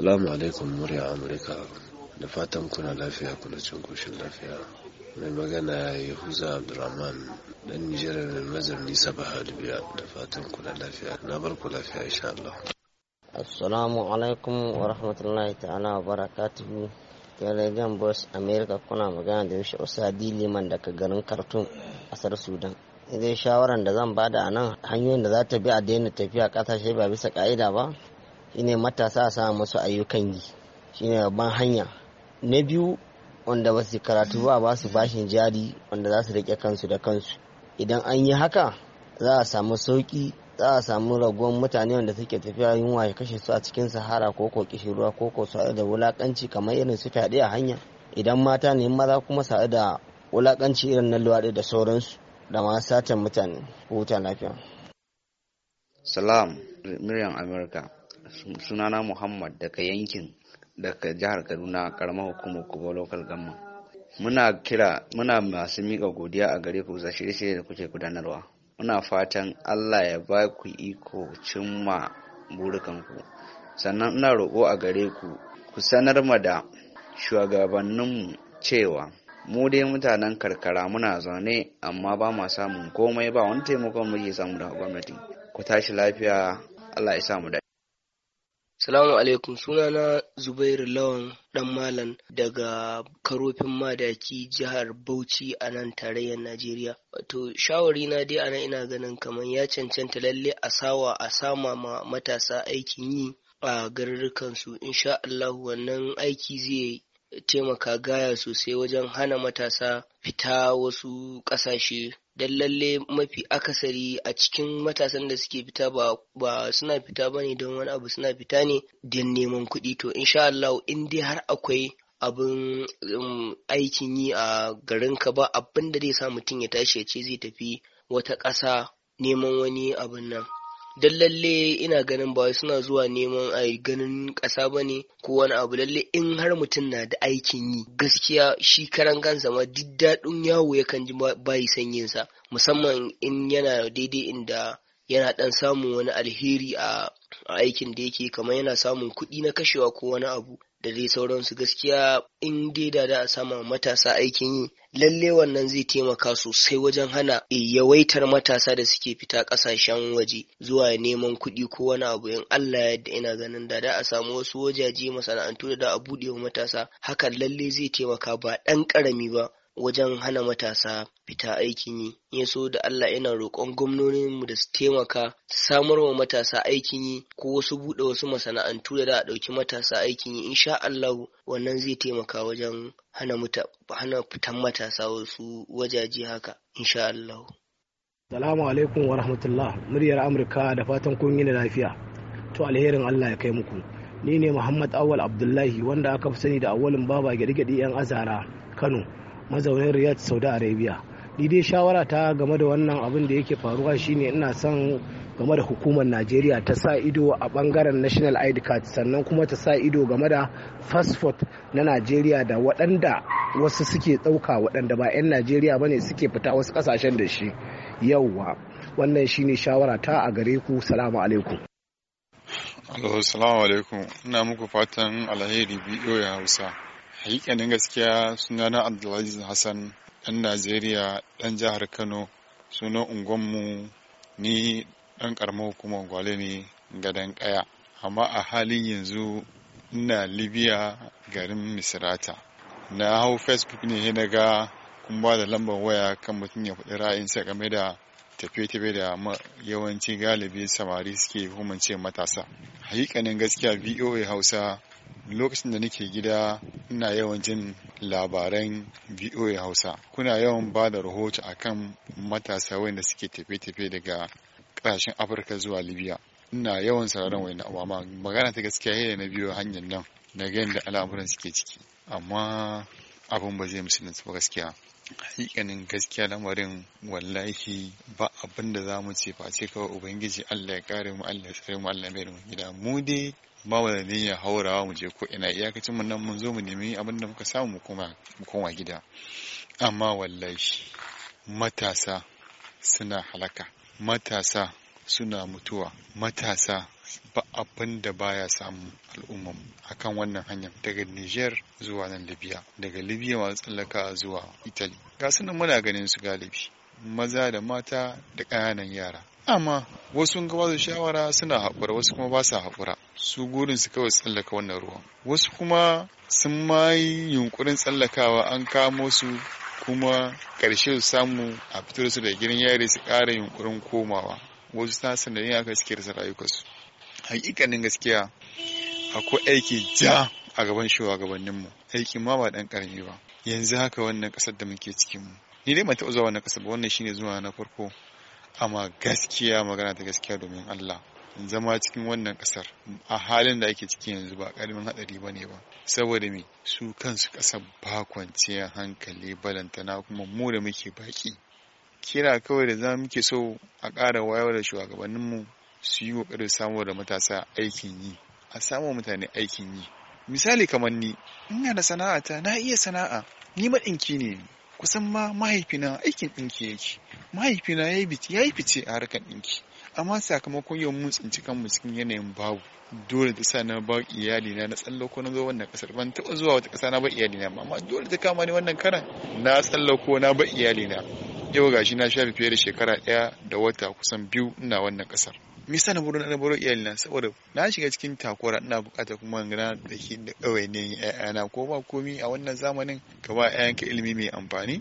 Salamu alaikum murya Amurka da fatan kuna lafiya kuna cin koshin lafiya. Mai magana ya yi huza Abdulrahman dan Nijar mai mazarni Sabaha Dubiya da fatan kuna lafiya. Na bar ku lafiya insha Allah. Assalamu alaikum wa rahmatullahi ta'ala wa barakatuhu. Telegram Boss America kuna magana da Yusha Usadi Liman daga garin Khartoum, ƙasar Sudan. Idan shawaran da zan bada a nan hanyoyin da za ta bi a daina tafiya ƙasashe ba bisa ka'ida ba shine matasa a samu masu ayyukan yi shine babban hanya na biyu wanda ba su karatu ba ba su bashin jari wanda za su rike kansu da kansu idan an yi haka za a samu sauki za a samu raguwan mutane wanda suke tafiya yunwa ya kashe su a cikin sahara ko ko ruwa ko ko sa'ar da wulakanci kamar irin su fyaɗe a hanya idan mata ne maza kuma sa'ar da wulakanci irin na luwaɗe da sauransu da ma satan mutane huta lafiya salam amurka sunana muhammad daga yankin daga jihar kaduna karamar hukumar kubo local gamma muna kira muna masu miƙa godiya a gare ku za shirye-shirye da kuke gudanarwa muna fatan allah ya ba ku iko cimma burukanku sannan ina roƙo a gare ku ku sanar ma da shugabanninmu cewa mu dai mutanen karkara muna zaune amma ba ma samun komai ba wani taimakon muke samu daga gwamnati ku tashi lafiya allah ya samu da Salamu alaikum sunana Zubairu Lawan dan Malam daga Karofin Madaki jihar Bauchi a nan tarayyar Najeriya. Wato shawari na dai ana ina ganin kamar ya cancanta lalle a sawa a sama ma matasa aikin yi a su insha Allah wannan aiki zai taimaka gaya sosai wajen hana matasa fita wasu ƙasashe dan lalle mafi akasari a cikin matasan da suke fita ba, suna fita ba ne don wani abu suna fita ne don neman kuɗi to insha Allah in dai har akwai abin um, aikin yi a garin ka ba abin da zai sa mutum ya tashi ya ce zai tafi wata ƙasa neman wani abin nan don lalle ina ganin ba suna zuwa neman a ganin ƙasa ba ne ko wani abu lalle in har mutum na da aikin yi gaskiya shi karan kansa ma duk daɗin yawo yakan ji bayi sa, musamman in yana daidai inda yana ɗan samun wani alheri a aikin da yake kamar yana samun kuɗi na kashewa ko wani abu da dai sauransu gaskiya in dai da da a sama matasa aikin yi lalle wannan zai taimaka sosai wajen hana yawaitar matasa da suke fita kasashen waje zuwa neman kuɗi ko wani abu in Allah yadda ina ganin da da a samu wasu wajaje masana'antu da da a buɗe wa matasa hakan lalle zai taimaka ba ɗan ƙarami ba wajen hana matasa fita aikin yi in so da Allah yana roƙon gwamnoninmu da su taimaka samar wa matasa aikin yi ko wasu buɗe wasu masana'antu da za a ɗauki matasa aikin yi insha Allah wannan zai taimaka wajen hana hana fitan matasa wasu wajaje haka insha Allah Salamu alaikum wa rahmatullah muryar Amurka da fatan kun yi lafiya to alherin Allah ya kai muku ni ne Muhammad Awal Abdullahi wanda aka fi sani da awalin baba gyaɗe 'yan azara Kano mazaunin riyadh saudi arabia ni dai shawara ta game da wannan abin da yake faruwa shine ina son game da hukumar najeriya ta sa ido a bangaren national id card sannan kuma ta sa ido game da fasfot na najeriya da waɗanda wasu suke ɗauka waɗanda ba 'yan najeriya bane suke fita wasu ƙasashen da shi yauwa wannan shine shawara ta a gare ku salamu alaikum alaikum ina muku fatan alheri biyo ya hausa hakikanin gaskiya suna sunana abdulaziz hassan ɗan najeriya ɗan jihar kano sunan unguwanmu ni ɗan ƙaramar hukumar gwale ne gadon ƙaya amma a halin yanzu ina libya garin misirata na hau facebook ne na ga kun ba da lambar waya kan mutum ya faɗi sa game da tafiye-tafiye da yawanci galibi samari suke hukumance matasa hakikanin gaskiya voa hausa lokacin da nake gida ina yawan jin labaran VOA Hausa. Kuna yawan ba da rahoto a kan matasa wanda suke tafe-tafe daga ƙasashen Afirka zuwa Libya. Ina yawan sauraron wani abu amma magana ta gaskiya yayin na biyo hanyar nan na ga yadda al'amuran suke ciki. Amma abin ba zai musu ba gaskiya. hakikanin gaskiya lamarin wallahi ba abinda da za mu ce face kawai ubangiji allah ya kare mu allah ya tsare mu allah ya mu gida mu dai ba mu da niyyar haurawa mu je ko ina iyakacin mu nan mun zo mu nemi abin da muka samu mu koma gida amma wallahi matasa suna halaka matasa suna mutuwa matasa ba abin da baya samu al'umma akan wannan hanya daga Niger zuwa nan Libya daga Libya masu tsallaka zuwa Italy ga sunan muna ganin su galibi maza da mata da ƙananan yara amma wasu gaba da shawara suna haƙura wasu kuma ba sa haƙura su gurin su kawai tsallaka wannan ruwan wasu kuma sun ma yi yunkurin tsallakawa an kamo su kuma ƙarshe su samu a fitar su da gidan yare su ƙara yunkurin komawa wasu ta sanadin aka suke rasa rayukansu hakikanin gaskiya akwai aiki ja a gaban mu aiki ma ba dan karami ba yanzu haka wannan ƙasar da muke cikin mu ni dai ban taɓa zuwa wannan ƙasar ba wannan shine zuwa na farko amma gaskiya magana da gaskiya domin Allah zama cikin wannan kasar a halin da ake ciki yanzu ba karamin hadari ba ne ba saboda me su kansu kasar ba kwanciyar hankali balantana kuma mu da muke baki kira kawai da za muke so a ƙara wayar da shugabanninmu su yi ƙoƙarin samu da matasa aikin yi a samu mutane aikin yi misali kamar ni ina da sana'a ta na iya sana'a ni maɗinki ne kusan ma mahaifina aikin ɗinki yake mahaifina ya yi fice a harkar ɗinki amma sakamakon yau mun tsinci kanmu cikin yanayin babu dole ta sa na ba iyali na na tsallako na zo wannan kasar ban taɓa zuwa wata kasa na ba iyali na amma dole ta kama ni wannan karan na tsallako na ba iyali na yau gashi na shafi fiye da shekara ɗaya da wata kusan biyu ina wannan kasar me yasa na buru na buru iyali na saboda na shiga cikin takura ina buƙatar kuma da ke da kawai ne ƴaƴana ko ba komi a wannan zamanin ka ba ƴaƴanka ilimi mai amfani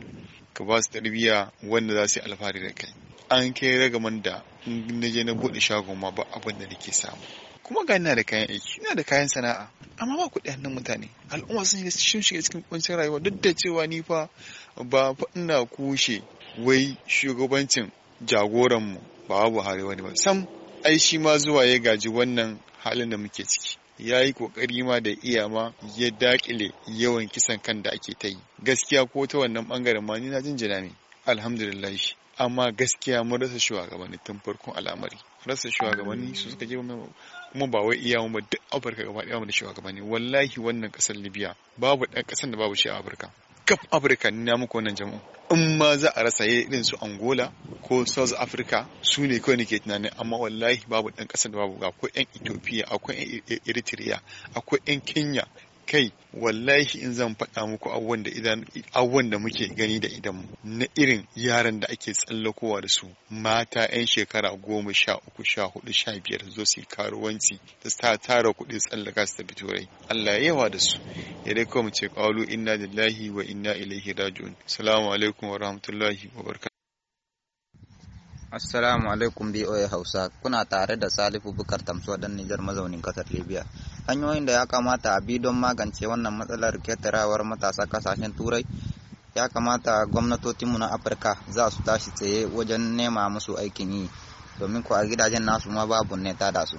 ka ba su tarbiyya wanda za su yi alfahari da kai an kai ragaman da na je na buɗe shagon ma ba abin da nake samu kuma ga ina da kayan aiki ina da kayan sana'a amma ba kuɗi hannun mutane al'umma sun shiga cikin kuncin rayuwa duk da cewa ni fa ba fa ina kushe wai shugabancin jagoran mu ba Buhari wani ba sam ai shi ma zuwa ya gaji wannan halin da muke ciki ya yi kokari ma da iya ma ya dakile yawan kisan kan da ake ta yi gaskiya ko ta wannan bangaren ma ni na jin jina ne alhamdulillah amma gaskiya mun rasa shugabanni tun farkon al'amari rasa shugabanni su suka je kuma ba wai iya mu duk afirka gaba ɗaya mu shugabanni wallahi wannan kasar libya babu ɗan ƙasar da babu shi a afirka kaf afirka ni na muku wannan jama'a in ma za a rasa irin su angola ko south africa su ne kawai nake tunanin amma wallahi babu ɗan ƙasar da babu ga akwai yan ethiopia akwai yan e-, e-, eritrea akwai yan kenya kai wallahi in zan faɗa muku abubuwan da muke gani da idan na irin yaran da ake tsallakowa da su mata 'yan shekara goma sha uku sha hudu sha biyar zo su karuwanci da ta tara kuɗi tsallaka su tafi turai Allah ya yawa da su ya dai kawo mu ce qalu inna lillahi wa inna ilaihi raji'un Salamu alaikum wa rahmatullahi wa barakatuh Assalamu alaikum BOA Hausa kuna tare da Salifu Bukar Tamsuwa dan Nijar mazaunin kasar Libya. Hanyoyin da ya kamata a bi don magance wannan matsalar ketarawar matasa kasashen Turai ya kamata mu na Afirka za su tashi tsaye wajen nema musu aikin yi domin ko a gidajen nasu ma babu ne ta da su.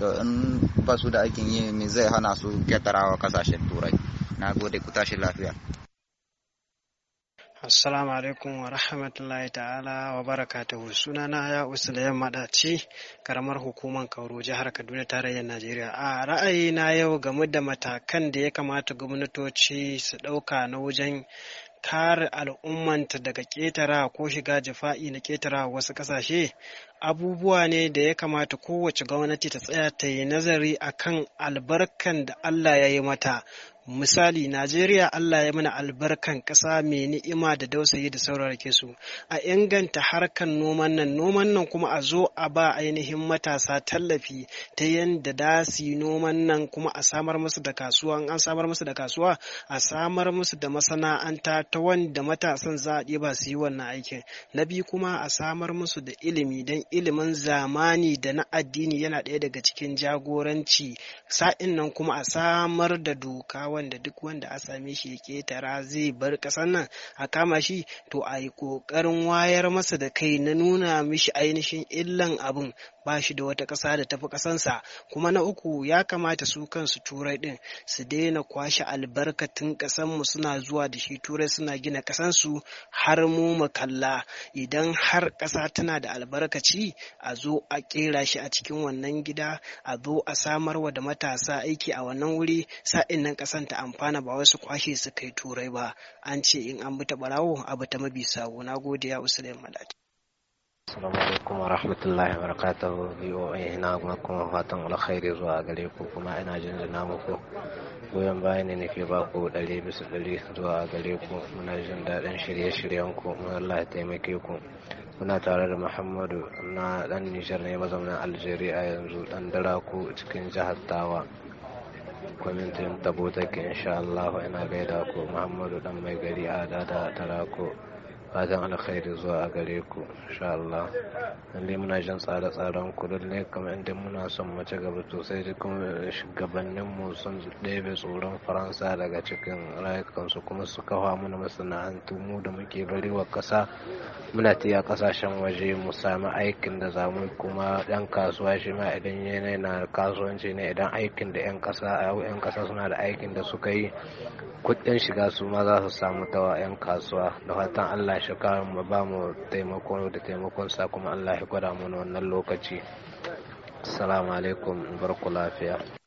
In ba su da aikin yi me zai hana su ketarawa kasashen Turai. Na gode ku tashi lafiya. Assalamu alaikum wa rahmatullahi ta'ala wa barakatuhu sunana ya usulayyan madaci karamar hukumar Kauro jihar Kaduna tarayyar Najeriya a Ra'ayi na yau game da matakan da ya kamata gwamnatoci su ɗauka na wajen kare al'ummanta daga ƙetara ko shiga jifa'i na ƙetara wasu ƙasashe abubuwa ne da ya kamata kowace gwamnati ta tsaya ta yi nazari akan albarkan da Allah ya yi mata misali najeriya allah ya mana albarkan ƙasa mai ni'ima da dausayi da saurarke su a inganta harkan noman nan noman nan kuma a zo a ba ainihin matasa tallafi ta yadda da su noman nan kuma a samar musu da kasuwa an samar musu da kasuwa a samar musu da masana'anta ta wanda matasan za a ɗiba su yi wannan aikin na biyu kuma a samar musu da ilimi don ilimin zamani da na addini yana ɗaya daga cikin jagoranci sa'in nan kuma a samar da doka wanda duk wanda a same shi ya ketara zai bar ƙasar nan a kama shi to a yi ƙoƙarin wayar masa da kai na nuna mishi ainihin illan abin ba shi da wata ƙasa da tafi ƙasansa kuma na uku ya kamata su kansu turai ɗin su daina kwashe albarkatun ƙasanmu suna zuwa da shi turai suna gina ƙasansu har mu mu kalla idan har ƙasa tana da albarkaci a zo a ƙera shi a cikin wannan gida a zo a samarwa da matasa aiki a wannan wuri sa'in nan ƙasan yaran amfana ba wasu kwashe su kai turai ba an ce in an bi ta barawo abu ta mabi sawo na gode ya usulai malati Assalamu alaikum wa rahmatullahi wa barakatuhu VOA ina kuma fatan alkhairi zuwa gare ku kuma ina jinjina muku goyon bayan ne nake ba ku ɗari bisa dare zuwa gare ku muna jin daɗin shirye-shiryen ku mun Allah taimake ku muna tare da Muhammadu na dan Nijar ne mazaunin Algeria yanzu dan dara ku cikin jihar Tawa kwamitin ta botake insha Allah ina gaida ku Muhammadu dan mai gari a dada tarako fatan alkhairi zuwa a gare ku insha Allah lalle muna jin tsare-tsaren ku ne kuma inda muna son mu ci gaba sosai da kuma shugabannin mu sun ɗebe tsoron Faransa daga cikin rayukansu kuma su kafa mana masana'antu mu da muke bari wa ƙasa muna tiya ƙasashen waje mu sami aikin da za mu kuma ɗan kasuwa shi ma idan yana na kasuwanci ne idan aikin da ƴan ƙasa 'yan suna da aikin da suka yi kuɗin shiga su ma za su samu tawa 'yan kasuwa da fatan Allah shi mu ba mu taimako da taimakon sa kuma Allah ya gwada mana wannan lokaci assalamu alaikum barku lafiya